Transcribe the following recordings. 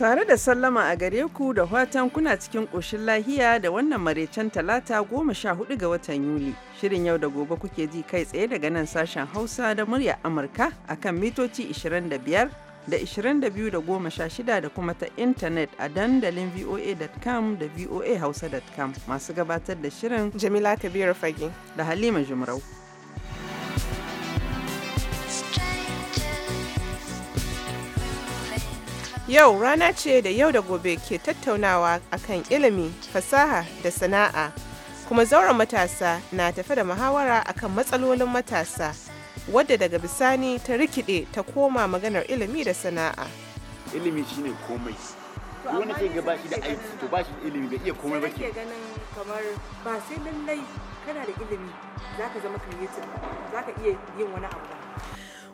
Tare da sallama a gare ku da watan kuna cikin ƙoshin lahiya da wannan maraicen talata goma sha hudu ga watan Yuli. Shirin yau da gobe kuke ji kai tsaye daga nan sashen Hausa da murya Amurka akan mitoci 25 da 22 da goma sha shida da kuma ta intanet a dandalin voa.com da voa voahausa.com masu gabatar da shirin Jamila Kabiru Fage da Halima Jumrau. Yau rana ce da yau da gobe ke tattaunawa akan ilimi, fasaha da sana'a. Kuma zauren matasa na tafi da muhawara akan matsalolin matasa, wadda daga bisani ta rikide ta koma maganar ilimi da sana'a. Ilimi shine komai. wani ke ga bashi da aiki to bashi da ilimi bai iya komai ba ke ganin kamar ba sai lallai kana da ilimi zaka zama creative zaka iya yin wani abu ba.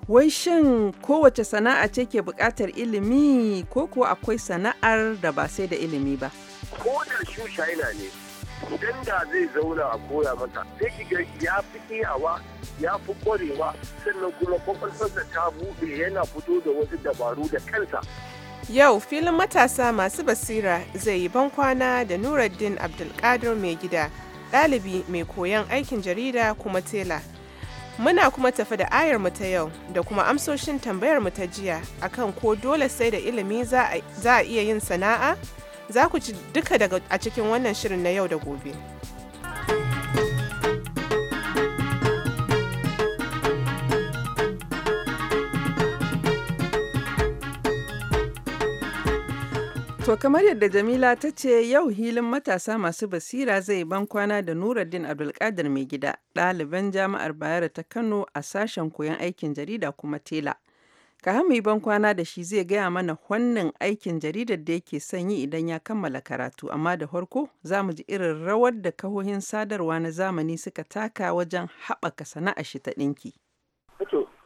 Wai shin kowace sana'a ce ke buƙatar ilimi ko kuwa akwai sana'ar da ba sai da ilimi ba? Ko da shu shaina ne, idan da zai zauna a koya mata, sai ga ya fi iyawa ya fi ƙwarewa sannan kuma kwakwalwarsa ta buɗe yana fito da wasu dabaru da kansa. Yau filin matasa masu basira zai yi ban kwana da Nuruddin Abdulkadir mai gida, ɗalibi mai koyon aikin jarida kuma tela. Muna kuma tafi da ayar mu ta yau da kuma amsoshin tambayar mu ta jiya akan ko dole sai da ilimi za a iya yin sana'a? Za ku ci duka daga a cikin wannan shirin na yau da gobe. To kamar yadda Jamila ta ce yau hilin matasa masu basira zai ban kwana da Nuruddin Abdulkadir mai gida ɗaliban jami'ar Bayero ta Kano a sashen koyon aikin jarida kuma tela. mai ban kwana da shi zai gaya mana wannan aikin jaridar da yake son yi idan ya kammala karatu amma da farko za mu ji irin rawar da kahohin sadarwa na zamani suka taka wajen haɓaka sana'a shi ta ɗinki.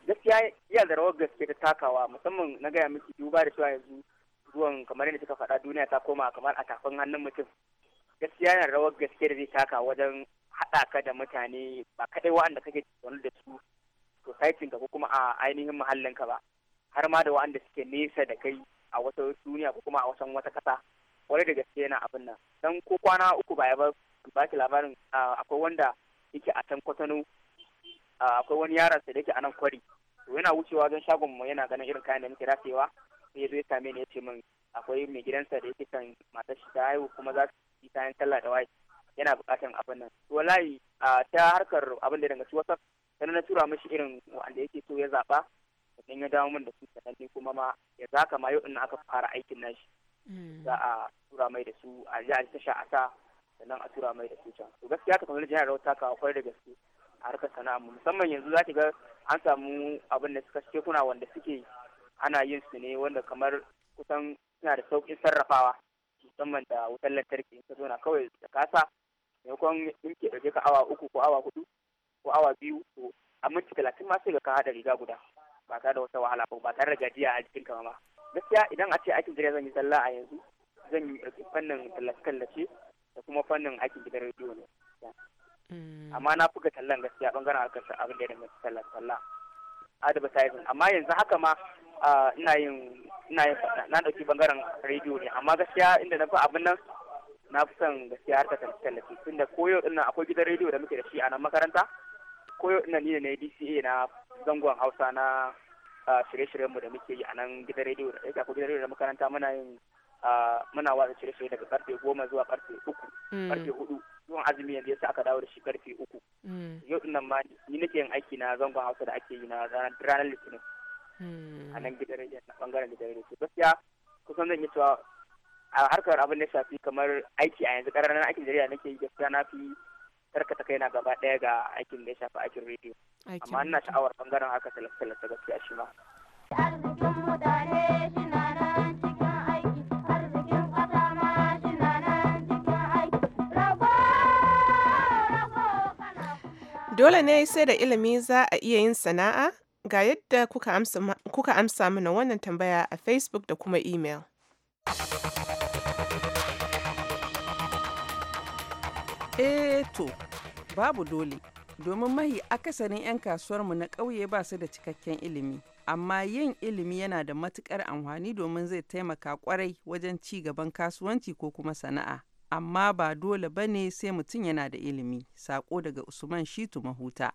gaskiya yana da rawar gaske ta takawa musamman na gaya miki duba da cewa yanzu ruwan kamar yadda suka faɗa duniya ta koma kamar a tafin hannun mutum gaskiya yana rawar gaske da zai taka wajen haɗa ka da mutane ba kaɗai wa'anda kake zaune da su sosaitin ka ko kuma a ainihin muhallin ka ba har ma da wa'anda suke nesa da kai a wata duniya ko kuma a wasan wata ƙasa wani da gaske yana abin nan dan ko kwana uku baya ba ba ki labarin akwai wanda yake a can kwatano akwai wani yaron sa da yake a nan kwari to yana wucewa don shagon mu yana ganin irin kayan da muke rasewa ya zo ya same ni ya ce min akwai mai gidansa da yake kan matar shi ta haihu kuma za su yi kayan talla da waye yana bukatan abin nan wallahi ta harkar abin da daga su wasa sannan na tura mishi irin wanda yake so ya zaba in ya dawo min da su sannan ni kuma ma ya ka ma yau aka fara aikin shi mm. za a tura mai da su a ji a tasha a sa sannan a tura mai da su can to gaskiya ta kamar jihar ta kawo kwarai da gaske a harkar sana'a musamman yanzu za ki ga an samu abin da suka kuna wanda suke ana yin su ne wanda kamar kusan suna da sauƙin sarrafawa musamman da wutar lantarki in ka zo na kawai da kasa maimakon in ke ɗauke ka awa uku ko awa hudu ko awa biyu to a minti talatin ma sai ka haɗa riga guda ba tare da wata wahala ba ba tare da gajiya a jikin ka ma gaskiya idan a ce aikin gida zan yi sallah a yanzu zan yi fannin tallace-tallace da kuma fannin aikin gidan rediyo ne mm. amma na fuga tallan gaskiya bangaren harkar abin da ya danganci tallan talla advertising amma yanzu haka ma ina yin na yin fata na dauki bangaren rediyo ne amma gaskiya inda na fi abin nan na fi son gaskiya harkar tallafi tunda koyo din nan akwai gidan rediyo da muke da shi a nan makaranta koyo din nan ni ne DCA na zangon Hausa na shirye shiryen mu da muke yi a nan gidan rediyo da eh, yake akwai gidan rediyo da makaranta muna yin muna watsa shirye-shirye daga karfe goma zuwa karfe uku karfe mm. hudu zuwan azumi yanzu yasa aka dawo da shi karfe uku mm. yau din nan ma ni nake yin aiki na zangon Hausa da ake yi na ranar Litinin Hmm. a nan gidan rediyon na bangaren gidan rediyo gaskiya kusan zan yi cewa a harkar abin da shafi kamar aiki a yanzu ƙararren aikin jarida nake yi gaskiya na fi tarkata kaina gaba ɗaya ga aikin da ya shafi aikin rediyo amma ina sha'awar bangaren haka talatalata gaskiya shi ma. Dole ne sai da ilimi za a iya yin sana'a? ga yadda kuka amsa mana wannan tambaya a Facebook da kuma email. Eh to, babu dole, domin mahi akasarin 'yan kasuwarmu na ƙauye ba su da cikakken ilimi. Amma yin ilimi yana da matuƙar amfani domin zai taimaka kwarai wajen ci gaban kasuwanci ko kuma sana'a. Amma ba dole ba ne sai mutum yana da ilimi, saƙo daga Usman Shitu Mahuta.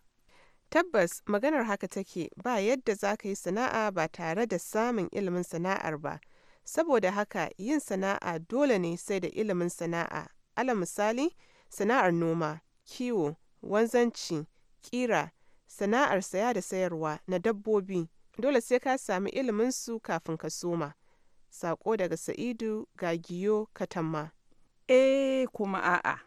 Tabbas, maganar haka take, ba yadda za ka yi sana'a ba tare da samun ilimin sana'ar ba, saboda haka yin sana'a dole ne sai da ilimin sana'a, ala misali, sana'ar noma, kiwo, wanzanci, kira sana'ar saya da sayarwa na dabbobi, dole sai ka sami ilimin su kafin ka soma. Sako daga Sa'idu Gagiyo Katamma. E kuma a'a,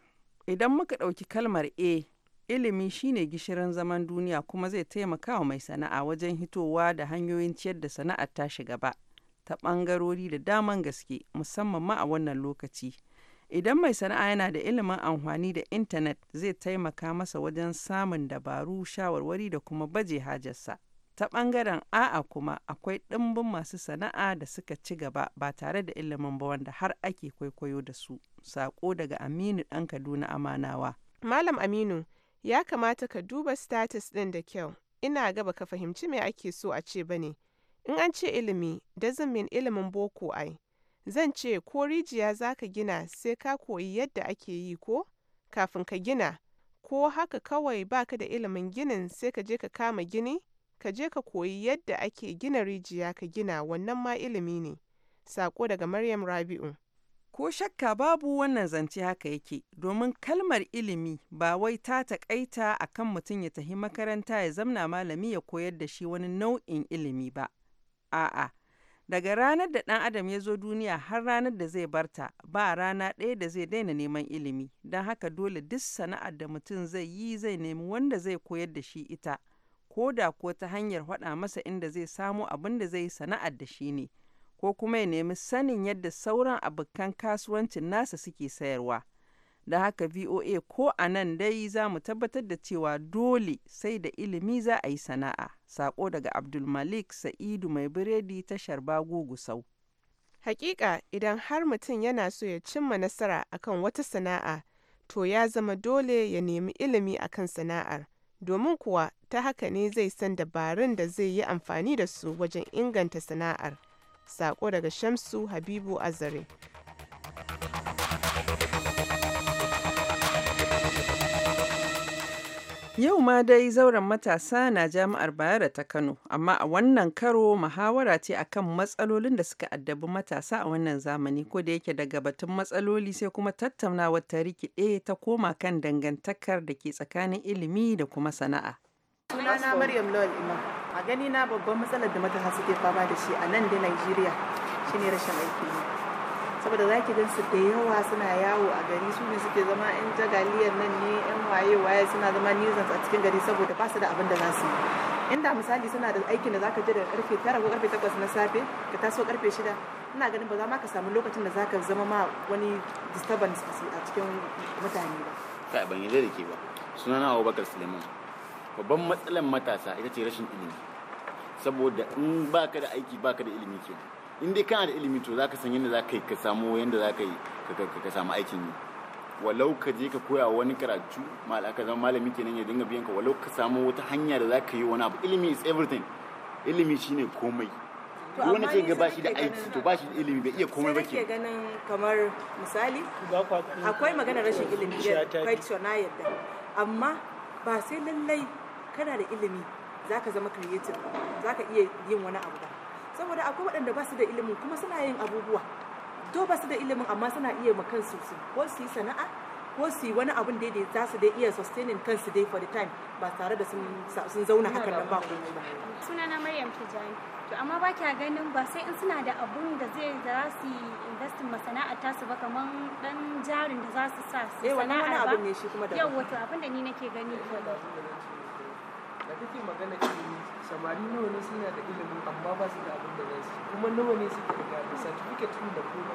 idan muka ɗauki kalmar e Ilimi shine gishirin zaman duniya kuma zai taimaka wa mai sana'a wajen hitowa da hanyoyin ciyar da sana'ar tashi gaba ta ɓangarori da daman gaske musamman ma a wannan lokaci. Idan mai sana'a yana da ilimin amfani da intanet zai taimaka masa wajen samun dabaru, shawarwari da kuma baje hajarsa. ta ɓangaren a'a kuma akwai ɗimbin masu sana'a da suka ci gaba ba tare da ilimin ba wanda har ake kwaikwayo da su sako daga aminu ɗan kaduna amanawa malam aminu Ya kamata ka duba status ɗin da kyau, ina ga baka fahimci me ake so a ce bane, in an ce ilimi doesn't mean ilimin boko ai, zan ce ko rijiya za ka gina sai ka koyi yadda ake yi ko, kafin ka gina, ko haka kawai baka da ilimin ginin sai ka je ka kama gini, ka je ka koyi yadda ake gina rijiya ka gina wannan ma ilimi ne. Sako daga Maryam Rabi'u. Ko shakka babu wannan zance haka yake, domin kalmar ilimi ba wai ta taƙaita a kan mutum ya tahi makaranta ya zamna malami ya koyar da shi wani nau'in ilimi ba, a'a. Daga ranar da ɗan adam ya zo duniya har ranar da zai barta ba rana ɗaya da zai daina neman ilimi, don haka dole duk sana'ar da mutum zai yi zai nemi wanda zai koyar da shi ita, ko da kuwa ta hanyar faɗa masa inda zai samo abin da zai yi sana'ar da shi ne. ko kuma ya nemi sanin yadda sauran abokan kasuwancin nasa suke sayarwa. Da haka VOA ko a nan dai za mu tabbatar da cewa dole sai da ilimi za a yi sana'a. Sako daga Abdulmalik Sa'idu mai biredi tashar Bago sau. Hakika idan har mutum yana so ya cimma nasara akan wata sana'a, to ya zama dole ya nemi ilimi akan sana'ar. Domin kuwa ta haka ne zai san dabarun da zai yi amfani da su wajen inganta sana'ar. Sako daga Shamsu Habibu Azare. Yau ma dai zauren matasa na jami'ar bayar ta Kano, amma a wannan karo muhawara ce a kan matsalolin da suka addabi matasa a wannan zamani ko da yake daga batun matsaloli sai kuma tattaunawar ta rikide ta koma kan dangantakar da ke tsakanin ilimi da kuma sana'a. Sunana Maryam Lawal Imam. a gani na babban matsalar da matasa suke fama da shi a nan da Najeriya shine rashin aiki ne saboda za ki gansu da yawa suna yawo a gari su ne suke zama yan jagaliyar nan ne yan waye waye suna zama nuisance a cikin gari saboda ba su da abin da za su yi inda misali suna da aikin da zaka je da karfe 9 ko karfe 8 na safe ka taso karfe 6 ina ganin ba za ma ka samu lokacin da zaka zama ma wani disturbance a cikin mutane ba kai ban yi da ke ba sunana Abubakar Suleiman babban matsalar matasa ita ce rashin ilimi saboda in baka da aiki baka da ilimi ke in dai kana da ilimi to zaka san yadda zaka yi ka samu yadda zaka yi ka samu aikin yi walau ka je ka koya wani karatu malaka zama malami kenan ya dinga biyan ka walau ka samu wata hanya da zaka yi wani abu ilimi is everything ilimi shine komai wani ce ga bashi da aiki to bashi da ilimi bai iya komai ba ke ganin kamar misali akwai maganar rashin ilimi da kwaito na yadda amma ba sai lallai kana da ilimi za ka zama creative za ka iya yin wani abu ba saboda akwai waɗanda ba su da ilimin kuma suna yin abubuwa to ba su da ilimin amma suna iya ma kansu su ko su yi sana'a ko su yi wani abun da za su dai iya sustaining kansu dai for the time ba tare da sun zauna hakan nan ba komai ba na Maryam Tijani to amma ba kya ganin ba sai in suna da abun da zai za su yi investin ta su ba kaman dan jarin da za su sa su eh, sana'a ba yau wato abun da abin da ni nake gani kenan kake magana ilimi samari nawa ne suna da ilimi amma ba su da abin da za kuma nawa ne suke da da certificate din da kuma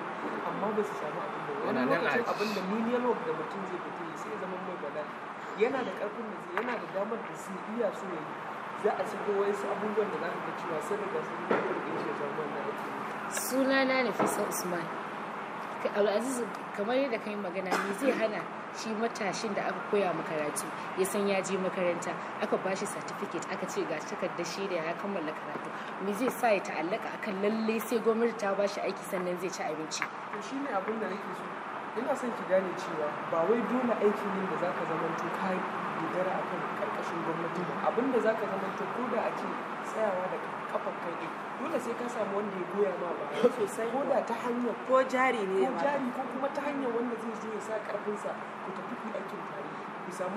amma ba su samu abin da wani lokacin abin da menial work da mutum zai fito sai ya zama mai bala yana da karfin da yana da damar da zai iya so ya yi za a shigo wasu abubuwan da za ka ga cewa sai daga sun yi da ya zama wannan aiki sunana Nafisa Usman Abdulaziz kamar yadda ka magana me zai hana shi matashin da aka koya makaratu ya san ya je makaranta aka ba shi certificate aka ce ga takardar shi da ya kammala karatu me zai sa ya ta'allaka akan lalle sai gwamnati ta ba shi aiki sannan zai ci abinci to shine abin da nake so ina son ki gane cewa ba wai dole aikin yin da zaka to ka dogara akan karkashin gwamnati ba abinda zaka zaka zamanta ko da ake tsayawa da kafar kai ne dole sai ka samu wanda ya goya ma ba sosai ko da ta hanyar ko jari ne ko jari ko kuma ta hanyar wanda zai zo ya sa karfinsa ku tafi aikin tare kasan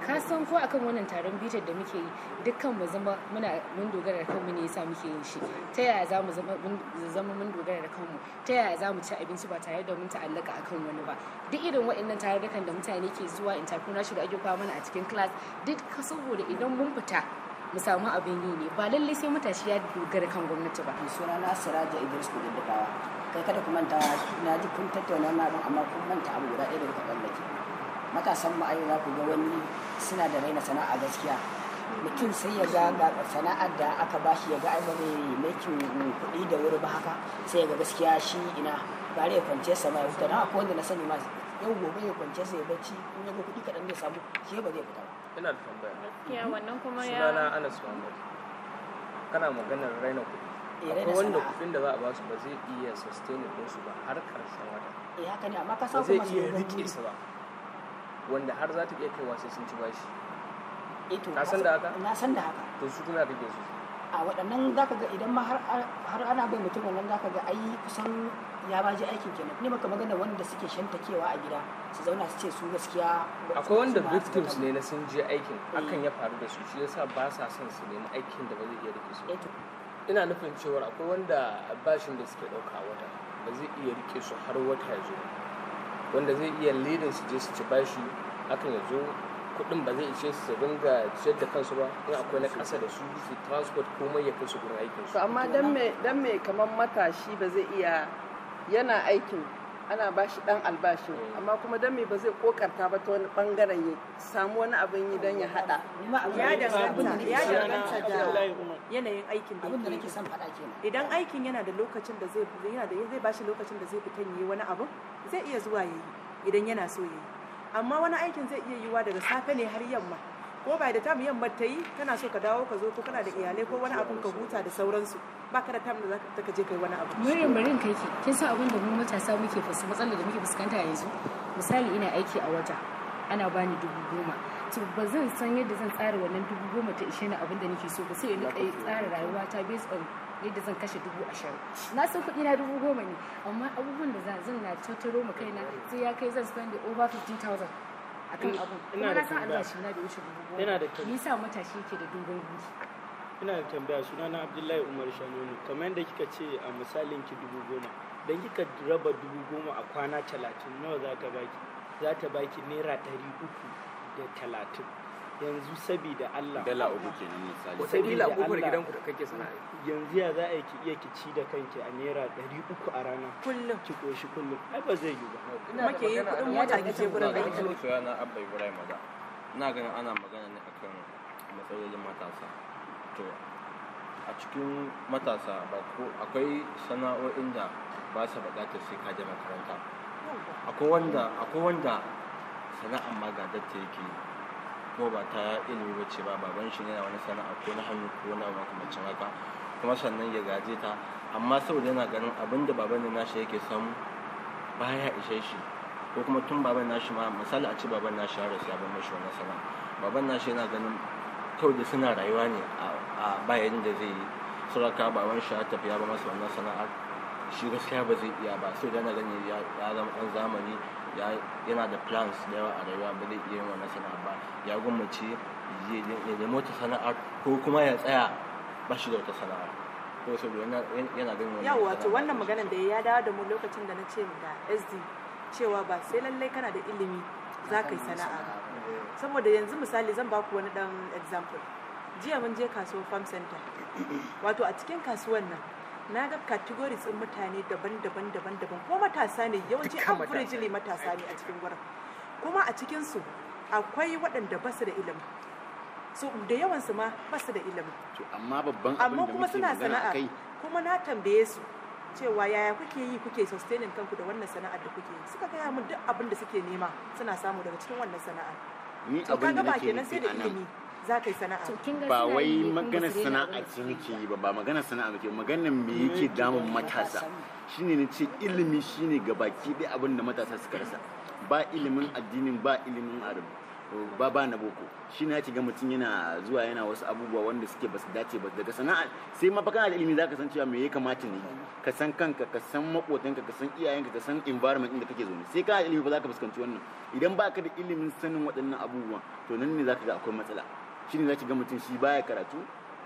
ka san ko akan wannan taron bitar da muke yi dukkan mu zama muna mun dogara da kanmu ne yasa muke yin shi ta yaya za mu zama dogara da kanmu ta yaya za mu ci abinci ba tare da mun ta'allaka akan wani ba duk irin waɗannan tarurrukan da mutane ke zuwa entrepreneurship da ake kawo mana a cikin class duk saboda idan mun fita mu samu abin yi ne ba lallai sai matashi ya dogara kan gwamnati ba. suna na siraja idris kudin da kai kada ku manta na ji kun tattauna na amma kun manta abu guda ɗaya da kuka tsallake matasan ma'ayo za ku ga wani suna da raina sana'a gaskiya mutum sai ya ga sana'ar da aka bashi ya ga ai mai mekin kuɗi da wuri ba haka sai ya ga gaskiya shi ina gare ya kwance sa ma ya huta na akwai wanda na sani ma yau gobe ya kwance sa ya bacci in ya ga kuɗi kaɗan zai samu shi ba zai fita ba. ina da tambaya gaskiya wannan kuma ya sunana anas muhammad kana maganar raina kuɗi eh, akwai wanda kuɗin da za a basu ba zai iya sustain ɗinsu ba har ƙarshen wata. eh haka ne amma ka san kuma ba. zai iya riƙe su ba. wanda har za ta iya kaiwa sai sun ci bashi ito eh na san da haka na san da haka to su kuma kake su a waɗannan zaka ga idan ma har ana bai mutum wannan zaka ga ai kusan ya baje aikin kenan ne maka magana wanda suke shantakewa a gida su zauna su ce su gaskiya akwai wanda victims ne na sun je aikin eh. akan ya faru da su shi yasa ba sa son su nemi aikin da ba zai iya rike su eh ina nufin cewa akwai wanda bashin da suke ɗauka wata ba zai iya rike su har wata ya zo wanda zai iya lidin su je su ci bashi akan ya zo kudin ba zai ishe su dinga ciyar da kansu ba in akwai na kasa da su su transport komai ya kai su gurin aikin su amma dan mai dan kamar matashi ba zai iya yana aikin ana ba shi dan albashi amma kuma dan me ba zai kokarta ba ta wani bangaren ya samu wani abin yi dan ya hada ya danganta ya danganta da yanayin aikin da abin nake son fada kenan idan aikin yana da lokacin da zai yana da zai shi lokacin da zai fita yi wani abu zai iya zuwa yayi idan yana so yayi amma wani aikin zai iya yiwa daga safe ne har yamma ko ba da tam yamma ta yi kana so ka dawo ka zo ko kana da iyalai ko wani abun ka huta da sauransu ba ka da tam da zaka ka je kai wani abu murin murin kai ki kin san abin da mu matasa muke fuskanta matsalar da muke fuskanta yanzu misali ina aiki a wata ana bani dubu goma to ba zan san yadda zan tsara wannan dubu goma ta ishe ni abin da nake so ba sai in tsara rayuwata based on yadda zan kashe dubu ashirin na san kuɗi na dubu goma ne amma abubuwan da zan na tattaro ma kaina sai ya kai zan spend over 15,000 akan eh, abu kuma na san albashi na da wuce dubu goma ni sa matashi yake da dogon guri ina da tambaya suna na abdullahi umar shanonu kamar yadda kika ce a misalin ki dubu goma dan kika raba dubu goma a kwana talatin nawa za ta baki za ta baki naira ɗari uku da talatin yanzu sabida Allah dala uku kenan misali sabila uku da gidanku da kake sana'a yanzu ya za a ki iya ki ci da kanki a naira 300 a rana kullum ki koshi kullum ai ba zai yi ba make yi kudin mota ki ce gurin da kike so na abba ibrahim da ina ganin ana magana ne akan matsalolin matasa to a cikin matasa ba ko akwai sana'o'in da ba sa bukatar sai ka je makaranta akwai wanda akwai wanda sana'an ma ga yake kuma ba ta ilimi ba ce ba baban shi yana wani sana'a ko na hannu ko wani abu haka kuma sannan ya gaje ta amma saboda yana ganin abin da baban da nashi yake samu baya ishe shi ko kuma tun baban nashi ma misali a ce baban nashi ya rasu ya bar mashi wani sana'a baban nashi yana ganin kawai da suna rayuwa ne a bayan da zai yi suraka baban shi ya tafi ya bar masa wannan sana'ar shi gaskiya ba zai iya ba saboda yana ganin ya zama ɗan zamani yana da plans da yawa a rayuwa ba zai iya yin wannan sana'a ba ya gwammace ya nemo ta sana'a ko kuma ya tsaya ba shi da wata sana'a ko saboda yana ganin wannan yawa wato wannan maganar da ya dawo da mu lokacin da na ce da SD cewa ba sai lallai kana da ilimi za ka yi sana'a ba eh. saboda yanzu misali zan baku wani dan example jiya mun je kasuwar farm center wato a cikin kasuwar nan na ga categories din mutane daban-daban daban-daban ko matasa ne yawanci averagely matasa ne a cikin gurin kuma a cikin su akwai waɗanda ba su da ilimi so da yawan su ma ba su da ilimi amma babban abin da kuma suna sana'a kuma na tambaye su cewa yaya kuke yi kuke sustaining kanku da wannan sana'ar da kuke yi suka gaya min duk abin da suke nema suna samu daga cikin wannan sana'ar ni abin da nake sai da ilimi za ka yi sana'a ba wai magana sana'a ce nake yi ba ba maganar sana'a nake magana me yake damun matasa shine ne ce ilimi shine gabaki dai abin da matasa suka rasa ba ilimin addinin ba ilimin arabu ba ba na boko shi na ga mutum yana zuwa yana wasu abubuwa wanda suke basu dace ba daga sana'a sai ma baka da ilimi ka san cewa me ya kamata ne ka san kanka ka san makotanka ka san iyayenka ka san environment inda kake zaune sai ka da ilimi ba za ka fuskanci wannan idan ba ka da ilimin sanin waɗannan abubuwan to nan ne za ka ga akwai matsala shine zaki ga mutum shi baya karatu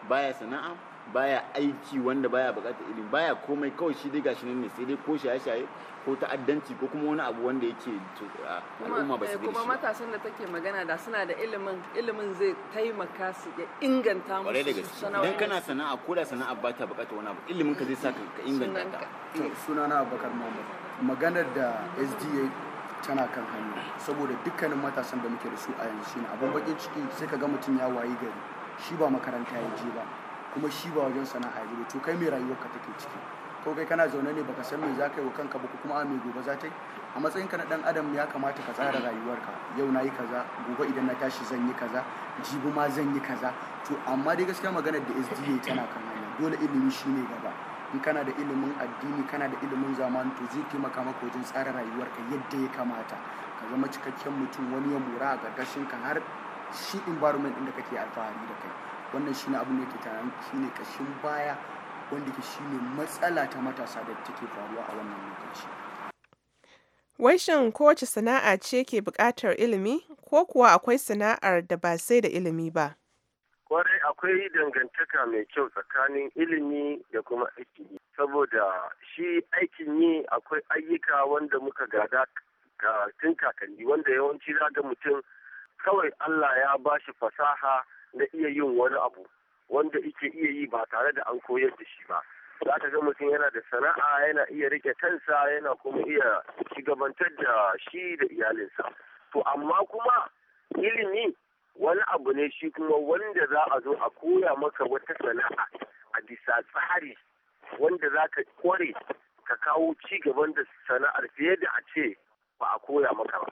baya sana'a baya aiki wanda baya bukatar ilimi baya komai kawai shi dai gashi ne sai dai ko shaye-shaye ko ta'addanci ko kuma wani abu wanda yake al'umma ba su eh, gani kuma matasan da take magana da suna da ilimin ilimin zai taimaka su ya inganta musu sana'a idan kana sana'a ko da sana'a ba ta bukatar wani abu ilimin ka zai sa ka inganta ta sunana abubakar muhammad maganar da sda tana kan hannu saboda dukkanin matasan da muke da su a yanzu shine abin bakin ciki sai ka ga mutum ya wayi gari shi ba makaranta ya je ba kuma shi ba wajen sana'a ya je to kai mai ka take ciki ko kai kana zaune ne baka san me za ka yi wa kanka ba kuma a me gobe za ta yi a matsayin ka na dan adam ya kamata ka tsara rayuwarka yau na yi kaza gobe idan na tashi zan yi kaza jibi ma zan yi kaza to amma dai gaskiya maganar da SDA tana kan hanya dole ilimi shine gaba in kana da ilimin addini kana da ilimin zamani to zai taimaka maka wajen tsara rayuwarka yadda ya kamata ka zama cikakken mutum wani ya mura a gargashin ka har shi environment ɗin da kake alfahari da kai wannan shine abin da yake shi shine kashin baya wanda ke shine matsala ta matasa da take faruwa a wannan lokaci wai shin kowace sana'a ce ke bukatar ilimi ko kuwa akwai sana'ar da ba sai da ilimi ba kwarai akwai dangantaka mai kyau tsakanin ilimi da kuma aikin yi saboda shi aikin yi akwai ayyuka wanda muka gada tun kakanni wanda yawanci zaga mutum kawai Allah ya ba shi fasaha na iya yin wani abu wanda ike iya yi ba tare da an koyar da shi ba za ka ga mutum yana da sana'a yana iya rike kansa yana kuma iya shigabantar da shi da iyalinsa to amma kuma ilimi wani abu ne shi kuma wanda za a zo a koya maka wata sana'a a bisa tsari wanda za ka kware ka kawo ci gaban da sana'ar fiye da a ce ba a koya maka ba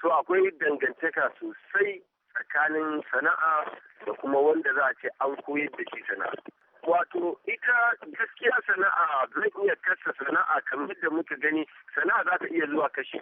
so akwai dangantaka sosai tsakanin sana'a da kuma wanda za a ce an koya da shi sana'a wato ita gaskiya sana'a zan iya kasa sana'a kamar da muka gani sana'a za ta iya zuwa kashi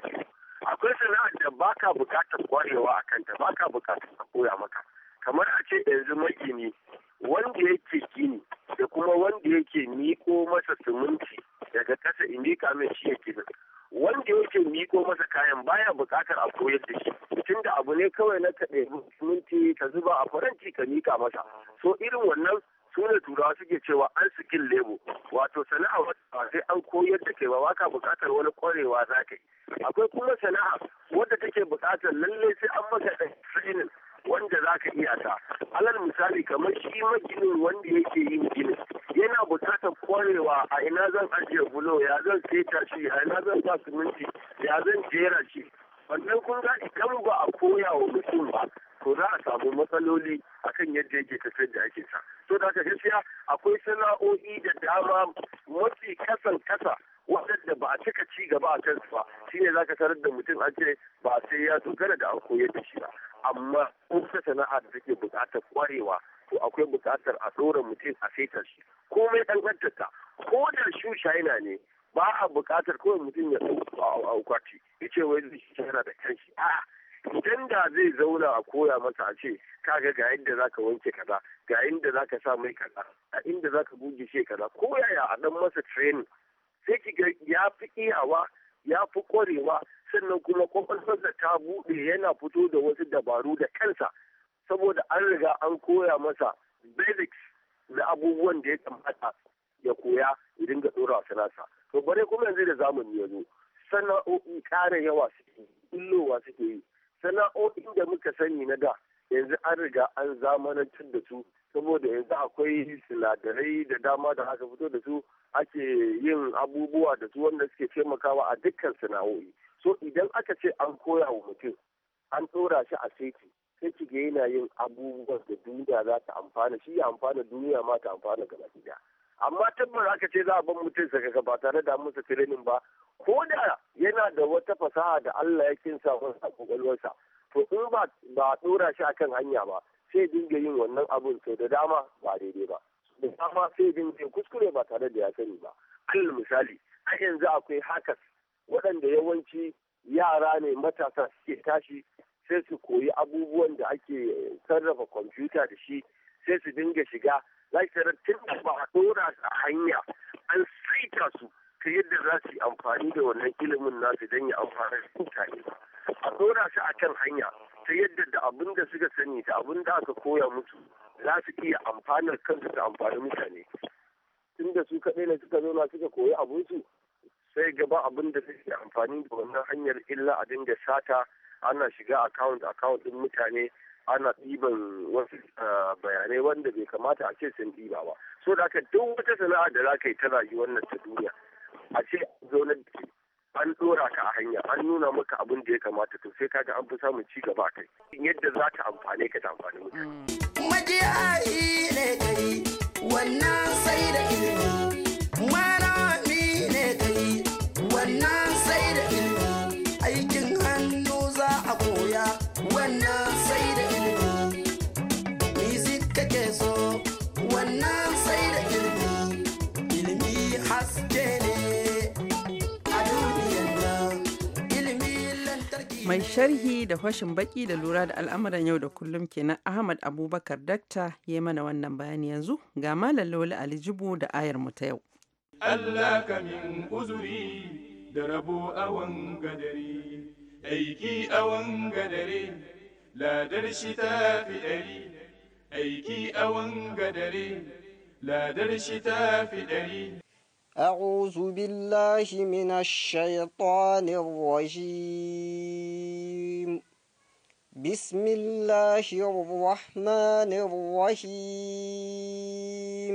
akwai sana'ar da baka bukatar kwarewa a kanta baka bukatar a koya maka kamar a ce yanzu magini wanda yake gini da kuma wanda yake miko masa siminti daga kasa in mika shi yake nan wanda yake miko masa kayan baya bukatar a koyar da shi da abu ne kawai na kaɗe siminti ka zuba a faranti ka mika masa so irin wannan su ne turawa suke cewa an skill lebo wato sana'a wata sai an koyar da ke ba waka ka buƙatar wani ƙwarewa za ka yi akwai kuma sana'a wadda take buƙatar lalle sai an maka training wanda za ka iya ta alal misali kamar shi maginin wanda yake yin gini yana bukatar kwarewa a ina zan ajiye bulo ya zan seta shi a ina zan sa siminti ya zan jera shi wannan kun ga idan ba a koya wa mutum ba to za a samu matsaloli akan yadda yake tafiyar da ake sa to da gaskiya akwai sana'o'i da dama mafi kasan kasa waɗanda ba a cika ci gaba a kansu ba shi ne zaka tarar da mutum an ce ba sai ya dogara da an koyar da shi ba amma kusa sana'a da take buƙatar kwarewa to akwai buƙatar a ɗora mutum a saita shi komai ɗan ko da shu shaina ne ba a buƙatar kawai mutum ya ɗauka a kwati ya ce wai zai shi da kanshi a'a idan da zai zauna a koya masa a ce kaga ga yadda zaka wanke kaza ga inda zaka sa mai kaza a inda zaka buge shi kaza ko yaya a dan masa training sai ki ga ya fi iyawa ya fi kwarewa sannan kuma kwakwalwarsa ta buɗe yana fito da wasu dabaru da kansa saboda an riga an koya masa basics na abubuwan da ya kamata ya koya ya dinga dora sanarsa to bare kuma yanzu da zamani ya zo sana'o'i ƙara yawa suke yi illowa suke yi sana'o'in da muka sani na da yanzu an riga an zamanantar da su saboda yanzu akwai sinadarai da dama da aka fito da su ake yin abubuwa da su wanda suke taimakawa a dukkan sana'o'i so idan aka ce an koya wa mutum an ɗora shi a saiti sai ki ga yana yin abubuwan da duniya za ta amfana shi ya amfana duniya ma ta amfana gaba ɗaya amma tabbar aka ce za a bar mutum ka ba tare da musu training ba ko da yana da wata fasaha da Allah ya kinsa masa kwakwalwarsa to in ba ba dora shi akan hanya ba sai dinga yin wannan abun sau da dama ba daidai ba da dama sai dinga yin kuskure ba tare da ya sani ba alal misali a yanzu akwai hakas waɗanda yawanci yara ne matasa suke tashi sai su koyi abubuwan da ake sarrafa kwamfuta da shi sai su dinga shiga za su tun da ba a ɗora a hanya an saita su su yadda za su yi amfani da wannan ilimin nasu don ya amfani da mutane a ɗora su a kan hanya ta yadda da abin da suka sani da abin da aka koya musu za su iya amfanar kansu da amfani mutane Tun da su kaɗai ne suka na suka koyi abinsu sai gaba abin da suke amfani da wannan hanyar illa a dinga sata ana shiga account account din mutane ana ɗiban wasu ah, bayanai wanda bai kamata a ce sun ɗiba ba so da haka duk wata sana'a da za ka yi ta rayuwar nan ta duniya a ce zo nan biki an dora ka a hanya an nuna maka abin da ya kamata to sai kaga an fi samun ci gaba a kai yadda za ta amfane ka ta amfani mutane. Mm. majiyayi ne wannan sai da ilimi marami ne kai wannan Mai sharhi da hoshin baki da lura da al'amuran yau da kullum kenan Ahmad Abubakar Dakta ya mana wannan bayani yanzu ga Malam Lawli Ali Jibo da ayar mu ta yau. Allah ka min uzuri da rabo awon gadari, aiki awon gadari, ladar shi ta fi dari, aiki awon gadari, ladar shi ta fi ɗari. أعوذ بالله من الشيطان الرجيم بسم الله الرحمن الرحيم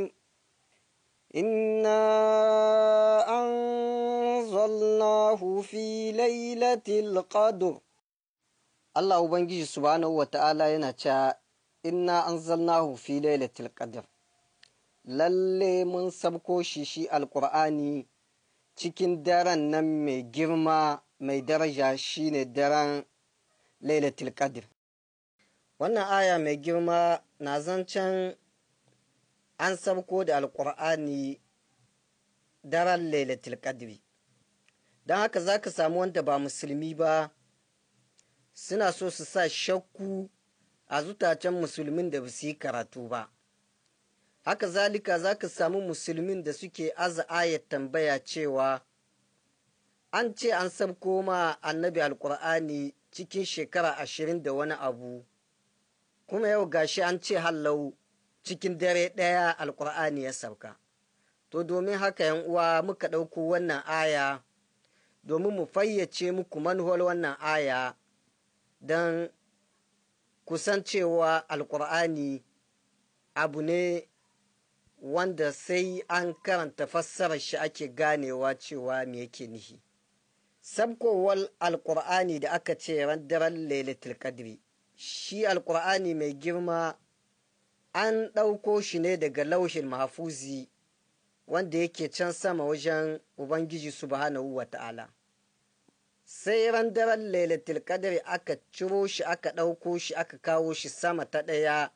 إنا أنزلناه في ليلة القدر الله أبنجي سبحانه وتعالى ينتهى إنا أنزلناه في ليلة القدر lalle mun sabko shi shi alkur'ani cikin daren nan mai girma mai daraja shine daren lailatul qadr wannan aya mai girma na zancen an sabko da alkur'ani daren lailatul qadr don haka za ka samu wanda ba musulmi ba suna so su sa shakku a zutacen musulmin da ba su yi karatu ba Haka zalika za ka samu musulmin da suke aza ayat tambaya cewa, An ce an sabko ma annabi alkur'ani cikin shekara ashirin da wani abu, kuma yau gashi an ce hallau cikin dare ɗaya alkur'ani ya sauka. To domin haka yan uwa muka ɗauko wannan aya, domin mu fayyace muku manuwar wannan aya don kusancewa alkur'ani abu ne wanda sai an karanta fassarar shi ake ganewa cewa me yake nihi sabkowar alkur'ani da aka ce ran daren lailatul qadri shi alƙur'ani mai girma an ɗauko shi ne daga laushin mahafuzi wanda yake can sama wajen ubangiji subhanahu wa ta'ala sai ran daren lailatul qadri aka ciro shi aka ɗauko shi aka kawo shi sama ta ɗaya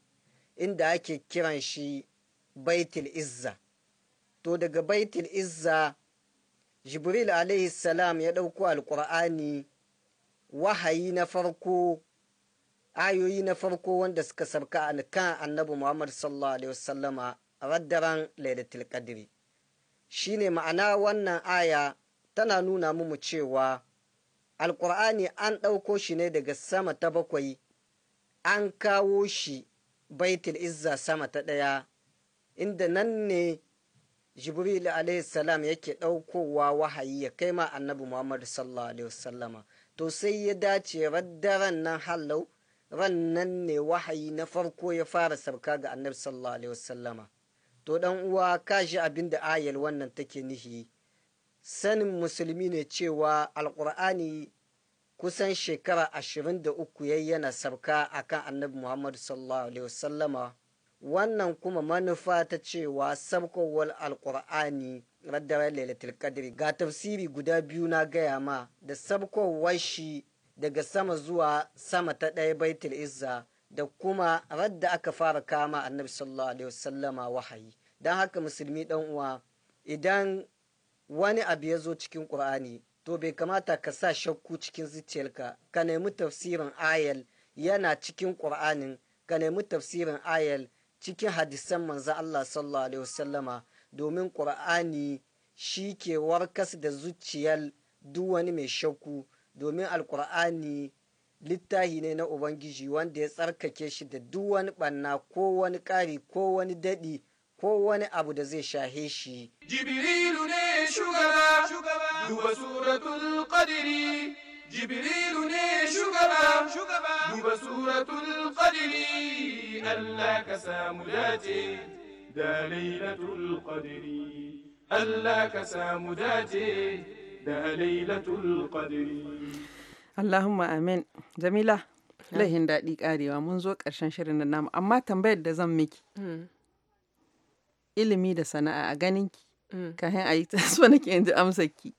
inda ake kiran shi baitul izza to daga baitul izza jibril alaihi salam ya ɗauko alƙur'ani wahayi na farko ayoyi na farko wanda suka sabka a kan annabi muhammad sallallahu alaihi wasallama a raddaran lailatul qadri shine ma'ana wannan aya tana nuna mu cewa alƙur'ani an ɗauko shi ne daga sama ta bakwai an kawo shi baitul izza sama ta ɗaya inda nan ne jibril alaihissalam yake ɗaukowa wahayi ya kai ma annabi muhammadu sallallahu alaihi wasallama to sai ya dace raddaren nan hallau rannan ne wahayi na farko ya fara sarka ga annabi sallallahu alaihi wasallama to dan uwa kashi abin da ayal wannan take nihi sanin musulmi ne cewa alkur'ani kusan shekara ashirin da uku akan annabi muhammadu sallallahu alaihi wasallama wannan kuma manufa ta cewa sabkowar alkur'ani raddarar lailatul qadri ga tafsiri guda biyu na gaya ma da sabkowar shi daga sama zuwa sama ta ɗaya baitul izza da kuma radda aka fara kama annabi sallallahu alaihi wasallama wahayi don haka musulmi dan uwa idan wani abu ya zo cikin ƙur'ani to bai kamata ka sa shakku cikin zuciyarka ka nemi tafsirin ayal yana cikin ƙur'ani ka nemi tafsirin ayal cikin hadisan manzo Allah sallallahu alaihi wasallama domin Qur'ani shi ke warkas da zuciyar duk wani mai shakku domin alkur'ani littahi ne na ubangiji wanda ya tsarkake shi da duk wani ɓanna ko wani ƙari ko wani daɗi ko wani abu da zai shahe shi jibrilu ne shugaba duba suratul qadri jibrilu ne shugaba duba suratul qadri Allah ka samu dace da lailatul qadri Allah ka samu dace da lailatul qadri Allahumma amin Jamila lahin daɗi ƙarewa mun zo ƙarshen shirin da namu amma tambayar da zan miki hmm. ilimi da sana'a a ganin ki hmm. kahin a yi ta so nake yanzu amsaki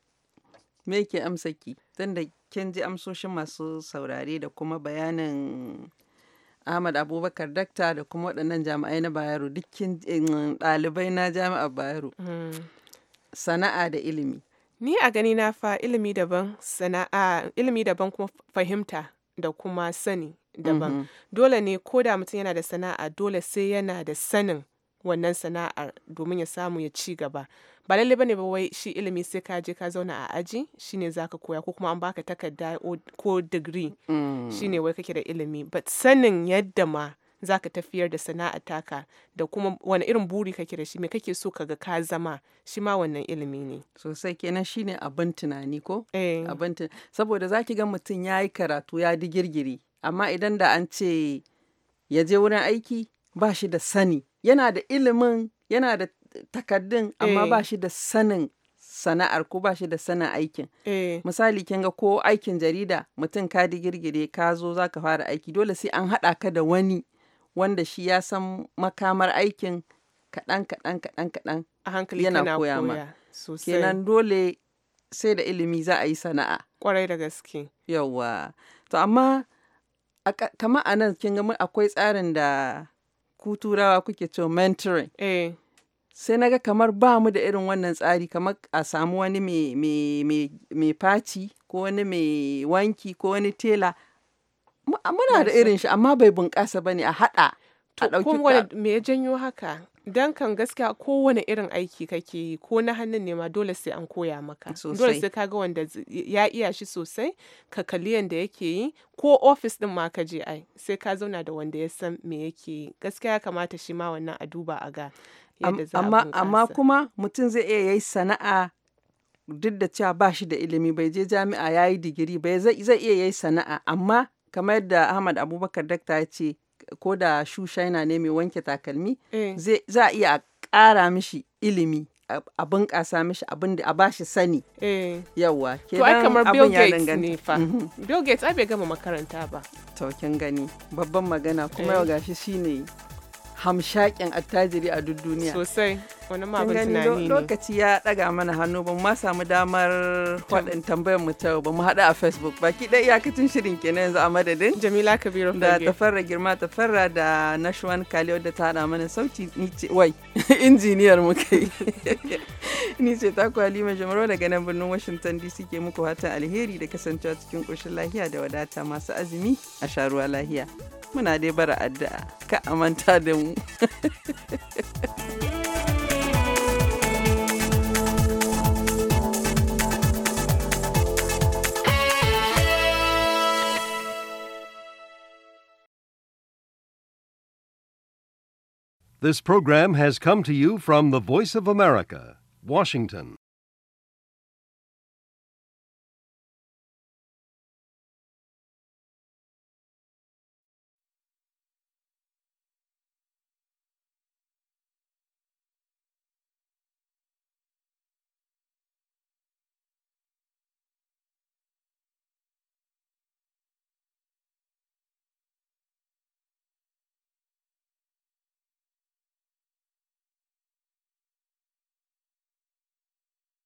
me ke amsaki tun da kin ji amsoshin masu saurare da kuma bayanin Ahmad Abubakar Dakta da kuma waɗannan jami'ai na Bayero dukkin ɗalibai na jami'ar Bayero. Hmm. Sana'a da ilimi. Ni a gani na fa ilimi daban sana'a ilimi daban kuma fahimta da kuma sani daban. Mm-hmm. Dole ne ko da mutum yana da sana'a dole sai yana da sanin wannan sana'ar domin ya samu ya ci gaba. ba lallai bane ba wai shi ilimi sai ka je ka zauna a aji shine zaka koya ko kuma an baka takarda ko degree mm. shine wai kake da ilimi but sanin yadda ma zaka tafiyar da sana'a taka da kuma wani irin buri kake da shi me kake so kaga ka zama shi ma wannan ilimi ne sosai kenan shine abin tunani ko eh. abin saboda zaki ga mutum yayi karatu ya digirgiri amma idan da an ce ya je wurin aiki ba shi da sani yana da ilimin yana da takardun amma eh. ba shi da sanin sana'ar ko ba shi da sanin aikin. Eh. Misali kin ga ko aikin jarida mutum ka di girgire ka zo za ka fara aiki dole sai an haɗa ka da wani wanda shi ya san makamar aikin kaɗan kaɗan kaɗan kaɗan a hankali yana koya ma. Kenan dole sai da ilimi za a yi sana'a. Kwarai da gaske. Yawwa. To amma kamar a nan kin ga akwai tsarin da ku turawa kuke cewa mentoring. Eh. sai naga kamar ba mu da irin wannan tsari kamar a samu wani mai faci ko wani mai wanki ko wani tela muna da irin shi amma bai bunƙasa ba ne a haɗa a ɗauki me ya janyo haka dan kan gaskiya kowane irin aiki kake yi ko na hannun ne ma dole sai an koya maka dole sai ka wanda ya iya shi sosai ka kalli yanda yake yi ko ofis din ma ka je ai sai ka zauna da wanda ya san me yake yi gaskiya ya kamata shi ma wannan a duba a ga amma kuma mutum zai iya yi sana'a duk da cewa ba shi da ilimi bai je jami'a ya yi digiri ba zai iya yi sana'a amma kamar yadda Ahmad Abubakar Dakta ya ce ko da shu shaina ne mai wanke takalmi eh. za a iya ƙara mishi ilimi a bunƙasa mishi abin da a bashi sani eh. yawa ke nan abin ya fa mhm. Bill Gates ai bai gama makaranta ba to gani babban magana kuma eh. yau gashi shine hamshakin attajiri a duk duniya sosai wani ma ne lokaci ya daga mana hannu ba ma samu damar faɗin tambayar mu ta ba mu haɗa a facebook baki ɗaya iyakacin shirin kenan yanzu a madadin jamila kabiru da tafarra girma tafarra da nashwan kaliyo da ta mana sauti ni ce wai injiniyar mu kai ni ce ta halima jamaro daga nan birnin washington dc ke muku fatan alheri da kasancewa cikin ƙoshin lahiya da wadata masu azumi a sharuwa lahiya muna dai bara addu'a ka amanta da mu This program has come to you from the Voice of America, Washington.